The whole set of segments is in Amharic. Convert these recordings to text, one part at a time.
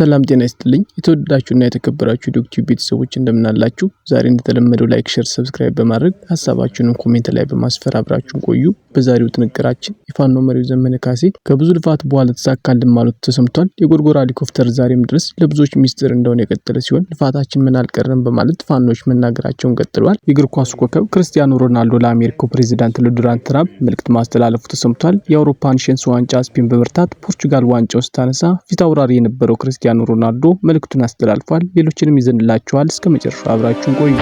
ሰላም ጤና ይስጥልኝ የተወደዳችሁና የተከበራችሁ ዶክቲው ቤተሰቦች እንደምናላችሁ። ዛሬ እንደተለመደው ላይክ፣ ሸር፣ ሰብስክራይብ በማድረግ ሀሳባችሁንም ኮሜንት ላይ በማስፈር አብራችሁን ቆዩ። በዛሬው ጥንቅራችን የፋኖ መሪው ዘመነ ካሴ ከብዙ ልፋት በኋላ ተሳካልን ማለቱ ተሰምቷል። የጎርጎራ ሄሊኮፕተር ዛሬም ድረስ ለብዙዎች ሚስጥር እንደሆነ የቀጠለ ሲሆን ልፋታችን ምን አልቀረም በማለት ፋኖች መናገራቸውን ቀጥለዋል። የእግር ኳሱ ኮከብ ክርስቲያኖ ሮናልዶ ለአሜሪካው ፕሬዚዳንት ለዶናልድ ትራምፕ መልእክት ማስተላለፉ ተሰምቷል። የአውሮፓን ሸንስ ዋንጫ ስፔን በመርታት ፖርቹጋል ዋንጫው ስታነሳ ፊት አውራሪ የነበረው ክርስቲያኖ ሮናልዶ መልእክቱን አስተላልፏል። ሌሎችንም ይዘንላቸዋል እስከ መጨረሻ አብራችሁን ቆዩ።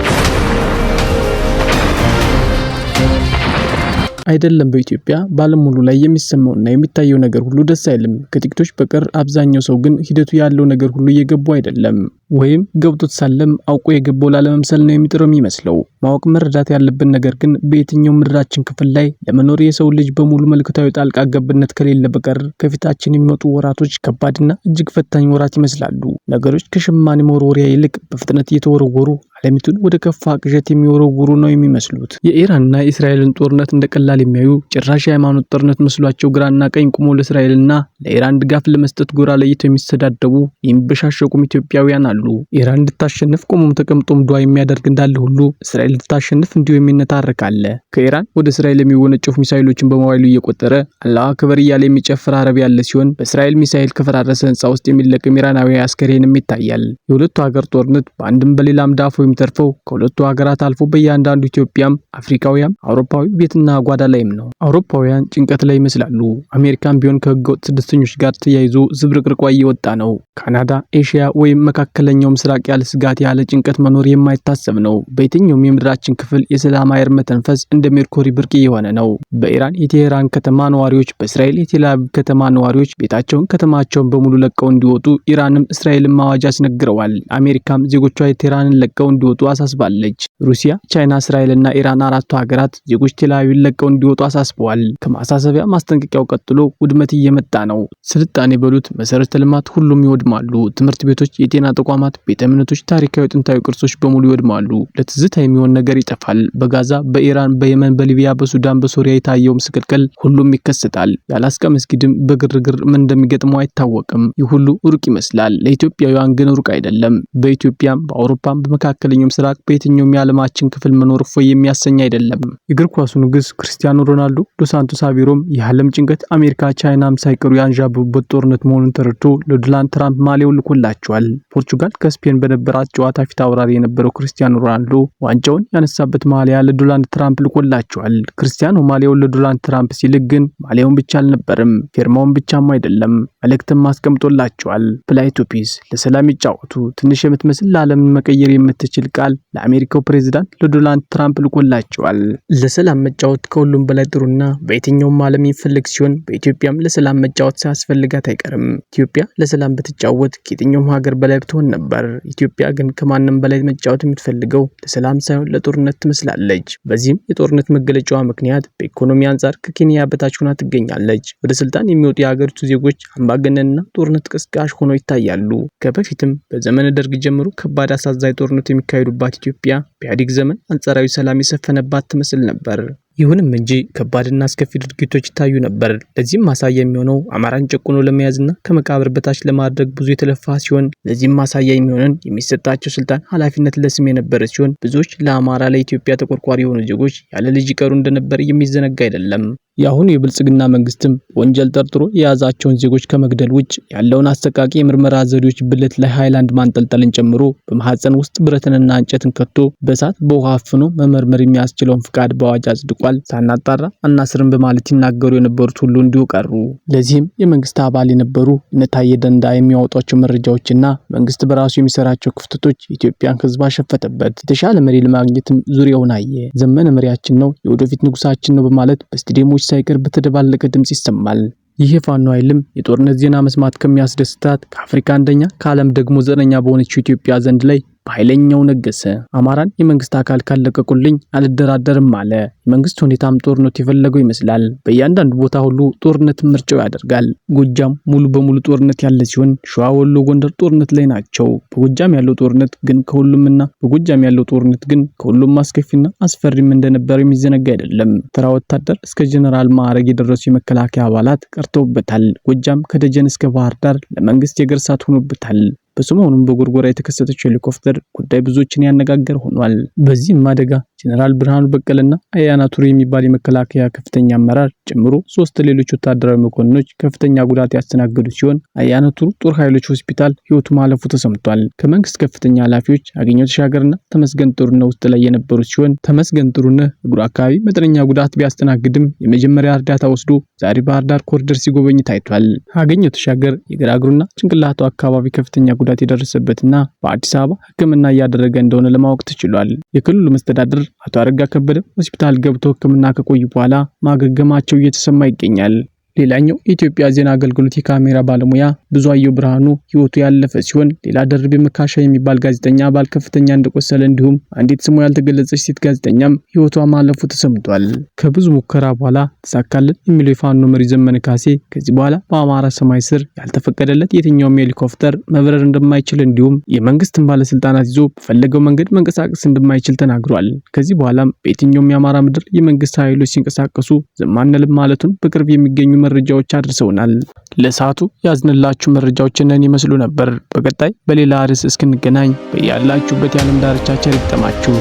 አይደለም በኢትዮጵያ በዓለም ሙሉ ላይ የሚሰማውና የሚታየው ነገር ሁሉ ደስ አይልም። ከጥቂቶች በቀር አብዛኛው ሰው ግን ሂደቱ ያለው ነገር ሁሉ እየገቡ አይደለም፣ ወይም ገብቶት ሳለም አውቆ የገባው ላለመምሰል ነው የሚጥረው የሚመስለው። ማወቅ መረዳት ያለብን ነገር ግን በየትኛው ምድራችን ክፍል ላይ ለመኖር የሰው ልጅ በሙሉ መልክታዊ ጣልቃ ገብነት ከሌለ በቀር ከፊታችን የሚመጡ ወራቶች ከባድና እጅግ ፈታኝ ወራት ይመስላሉ። ነገሮች ከሸማኔ መወርወሪያ ይልቅ በፍጥነት እየተወረወሩ አለሚቱን ወደ ከፋ ቅዠት የሚወረውሩ ነው የሚመስሉት። የኢራንና የእስራኤልን ጦርነት እንደ ቀላል የሚያዩ ጭራሽ የሃይማኖት ጦርነት መስሏቸው ግራና ቀኝ ቆሞ ለእስራኤልና ለኢራን ድጋፍ ለመስጠት ጎራ ለይተው የሚሰዳደቡ የሚበሻሸቁም ኢትዮጵያውያን አሉ። ኢራን እንድታሸንፍ ቆሞም ተቀምጦም ዱዓ የሚያደርግ እንዳለ ሁሉ እስራኤል እንድታሸንፍ እንዲሁ የሚነታረክ አለ። ከኢራን ወደ እስራኤል የሚወነጨፉ ሚሳይሎችን በመዋይሉ እየቆጠረ አላሁ አክበር እያለ የሚጨፍር አረብ ያለ ሲሆን በእስራኤል ሚሳይል ከፈራረሰ ህንፃ ውስጥ የሚለቅም ኢራናዊ አስከሬንም ይታያል። የሁለቱ ሀገር ጦርነት በአንድም በሌላም ዳፎ የሚተርፈው ከሁለቱ ሀገራት አልፎ በእያንዳንዱ ኢትዮጵያም፣ አፍሪካውያም፣ አውሮፓዊ ቤትና ጓዳ ላይም ነው። አውሮፓውያን ጭንቀት ላይ ይመስላሉ። አሜሪካን ቢሆን ከህገወጥ ስደተኞች ጋር ተያይዞ ዝብርቅርቋ እየወጣ ነው። ካናዳ፣ ኤሽያ ወይም መካከለኛው ምስራቅ ያለ ስጋት ያለ ጭንቀት መኖር የማይታሰብ ነው። በየትኛውም የምድራችን ክፍል የሰላም አየር መተንፈስ እንደ ሜርኮሪ ብርቅ የሆነ ነው። በኢራን የቴሄራን ከተማ ነዋሪዎች፣ በእስራኤል የቴላቪቭ ከተማ ነዋሪዎች ቤታቸውን ከተማቸውን በሙሉ ለቀው እንዲወጡ ኢራንም እስራኤልም አዋጅ አስነግረዋል። አሜሪካም ዜጎቿ የቴሄራንን ለቀው እንዲወጡ አሳስባለች። ሩሲያ፣ ቻይና፣ እስራኤልና ኢራን አራቱ ሀገራት ዜጎች ቴልአቪቭን ለቀው እንዲወጡ አሳስበዋል። ከማሳሰቢያ ማስጠንቀቂያው ቀጥሎ ውድመት እየመጣ ነው። ስልጣኔ በሉት መሰረተ ልማት ሁሉም ይወድማሉ። ትምህርት ቤቶች፣ የጤና ተቋማት፣ ቤተ እምነቶች፣ ታሪካዊ ጥንታዊ ቅርሶች በሙሉ ይወድማሉ። ለትዝታ የሚሆን ነገር ይጠፋል። በጋዛ፣ በኢራን፣ በየመን፣ በሊቢያ፣ በሱዳን፣ በሶሪያ የታየው ምስቅልቅል ሁሉም ይከሰታል። የአላስቃ መስጊድም በግርግር ምን እንደሚገጥመው አይታወቅም። ይህ ሁሉ ሩቅ ይመስላል። ለኢትዮጵያውያን ግን ሩቅ አይደለም። በኢትዮጵያም በአውሮፓም በመካከል በመካከለኛውም ምስራቅ በየትኛውም የዓለማችን ክፍል መኖር እፎይ የሚያሰኝ አይደለም። የእግር ኳሱ ንጉስ ክርስቲያኖ ሮናልዶ ዶሳንቶስ አቬሮም የዓለም ጭንቀት አሜሪካ፣ ቻይናም ሳይቀሩ ያንዣበቡበት ጦርነት መሆኑን ተረድቶ ለዶናልድ ትራምፕ ማሊያው ልኮላቸዋል። ፖርቹጋል ከስፔን በነበራት ጨዋታ ፊት አውራሪ የነበረው ክርስቲያኖ ሮናልዶ ዋንጫውን ያነሳበት ማሊያ ለዶናልድ ትራምፕ ልኮላቸዋል። ክርስቲያኖ ማሊያውን ለዶናልድ ትራምፕ ሲልክ ግን ማሊያውን ብቻ አልነበርም ፊርማውን ብቻም አይደለም መልእክትም አስቀምጦላቸዋል። ፕላይ ቱ ፒስ ለሰላም ይጫወቱ። ትንሽ የምትመስል ለዓለምን መቀየር የምትችል ቃል ለአሜሪካው ፕሬዚዳንት ለዶናልድ ትራምፕ ልኮላቸዋል። ለሰላም መጫወት ከሁሉም በላይ ጥሩና በየትኛውም ዓለም የሚፈልግ ሲሆን በኢትዮጵያም ለሰላም መጫወት ሳያስፈልጋት አይቀርም። ኢትዮጵያ ለሰላም ብትጫወት ከየትኛውም ሀገር በላይ ብትሆን ነበር። ኢትዮጵያ ግን ከማንም በላይ መጫወት የምትፈልገው ለሰላም ሳይሆን ለጦርነት ትመስላለች። በዚህም የጦርነት መገለጫዋ ምክንያት በኢኮኖሚ አንጻር ከኬንያ በታች ሆና ትገኛለች። ወደ ስልጣን የሚወጡ የሀገሪቱ ዜጎች አምባገነንና ጦርነት ቀስቃሽ ሆነው ይታያሉ። ከበፊትም በዘመነ ደርግ ጀምሮ ከባድ አሳዛኝ ጦርነት የሚካሄዱባት ኢትዮጵያ በኢህአዴግ ዘመን አንጻራዊ ሰላም የሰፈነባት ትመስል ነበር። ይሁንም እንጂ ከባድና አስከፊ ድርጊቶች ይታዩ ነበር። ለዚህም ማሳያ የሚሆነው አማራን ጨቁኖ ለመያዝና ከመቃብር በታች ለማድረግ ብዙ የተለፋ ሲሆን ለዚህም ማሳያ የሚሆነን የሚሰጣቸው ስልጣን ኃላፊነት ለስም የነበረ ሲሆን ብዙዎች ለአማራ ለኢትዮጵያ ተቆርቋሪ የሆኑ ዜጎች ያለ ልጅ ይቀሩ እንደነበር የሚዘነጋ አይደለም። የአሁኑ የብልጽግና መንግስትም ወንጀል ጠርጥሮ የያዛቸውን ዜጎች ከመግደል ውጭ ያለውን አሰቃቂ የምርመራ ዘዴዎች ብልት ላይ ማንጠልጠልን ጨምሮ በማህፀን ውስጥ ብረትንና እንጨትን ከቶ በእሳት በውሃ አፍኖ መመርመር የሚያስችለውን ፍቃድ በአዋጅ አጽድቋል። ሳናጣራ አናስርም በማለት ይናገሩ የነበሩት ሁሉ እንዲሁ ቀሩ። ለዚህም የመንግስት አባል የነበሩ እነታየ ደንዳ የሚያወጧቸው መረጃዎችና መንግስት በራሱ የሚሰራቸው ክፍተቶች ኢትዮጵያን ህዝብ አሸፈተበት። የተሻለ መሪ ለማግኘትም ዙሪያውን አየ። ዘመነ መሪያችን ነው፣ የወደፊት ንጉሳችን ነው በማለት በስቴዲየሞች ሳይቀር በተደባለቀ ድምፅ ይሰማል። ይህ የፋኖ ኃይልም የጦርነት ዜና መስማት ከሚያስደስታት ከአፍሪካ አንደኛ ከዓለም ደግሞ ዘጠነኛ በሆነችው ኢትዮጵያ ዘንድ ላይ በኃይለኛው ነገሰ። አማራን የመንግስት አካል ካለቀቁልኝ አልደራደርም አለ። የመንግስት ሁኔታም ጦርነት የፈለገው ይመስላል። በእያንዳንዱ ቦታ ሁሉ ጦርነት ምርጫው ያደርጋል። ጎጃም ሙሉ በሙሉ ጦርነት ያለ ሲሆን፣ ሸዋ፣ ወሎ፣ ጎንደር ጦርነት ላይ ናቸው። በጎጃም ያለው ጦርነት ግን ከሁሉምና በጎጃም ያለው ጦርነት ግን ከሁሉም አስከፊና አስፈሪም እንደነበረ የሚዘነጋ አይደለም። ተራ ወታደር እስከ ጀነራል ማዕረግ የደረሱ የመከላከያ አባላት ቀርተውበታል። ጎጃም ከደጀን እስከ ባህር ዳር ለመንግስት የእግር እሳት ሆኖበታል። በሰሞኑም በጎርጎራ የተከሰተችው ሄሊኮፕተር ጉዳይ ብዙዎችን ያነጋገር ሆኗል። በዚህም አደጋ ጀነራል ብርሃኑ በቀለና አያና ቱሪ የሚባል የመከላከያ ከፍተኛ አመራር ጨምሮ ሶስት ሌሎች ወታደራዊ መኮንኖች ከፍተኛ ጉዳት ያስተናገዱ ሲሆን አያና ቱሩ ጦር ኃይሎች ሆስፒታል ህይወቱ ማለፉ ተሰምቷል። ከመንግስት ከፍተኛ ኃላፊዎች አገኘው ተሻገርና ተመስገን ጥሩነህ ውስጥ ላይ የነበሩ ሲሆን ተመስገን ጥሩነህ እግሩ አካባቢ መጠነኛ ጉዳት ቢያስተናግድም የመጀመሪያ እርዳታ ወስዶ ዛሬ ባህር ዳር ኮሪደር ሲጎበኝ ታይቷል። አገኘው ተሻገር የግራ እግሩና ጭንቅላቱ አካባቢ ከፍተኛ ጉዳት የደረሰበትና በአዲስ አበባ ሕክምና እያደረገ እንደሆነ ለማወቅ ተችሏል። የክልሉ መስተዳድር አቶ አረጋ ከበደ ሆስፒታል ገብተው ሕክምና ከቆዩ በኋላ ማገገማቸው እየተሰማ ይገኛል። ሌላኛው የኢትዮጵያ ዜና አገልግሎት የካሜራ ባለሙያ ብዙአየሁ ብርሃኑ ሕይወቱ ያለፈ ሲሆን ሌላ ደርቤ መካሻ የሚባል ጋዜጠኛ አባል ከፍተኛ እንደቆሰለ እንዲሁም አንዲት ስሙ ያልተገለጸች ሴት ጋዜጠኛም ሕይወቷ ማለፉ ተሰምቷል። ከብዙ ሙከራ በኋላ ተሳካለን የሚለው የፋኖ መሪ ዘመነ ካሴ ከዚህ በኋላ በአማራ ሰማይ ስር ያልተፈቀደለት የትኛውም ሄሊኮፕተር መብረር እንደማይችል እንዲሁም የመንግስትን ባለስልጣናት ይዞ በፈለገው መንገድ መንቀሳቀስ እንደማይችል ተናግሯል። ከዚህ በኋላም በየትኛውም የአማራ ምድር የመንግስት ኃይሎች ሲንቀሳቀሱ ዝም አንልም ማለቱን በቅርብ የሚገኙ መረጃዎች አድርሰውናል። ለሰዓቱ ያዝንላችሁ መረጃዎች እነን ይመስሉ ነበር። በቀጣይ በሌላ ርዕስ እስክንገናኝ በያላችሁበት የዓለም ዳርቻ ቸር ይጠማችሁ።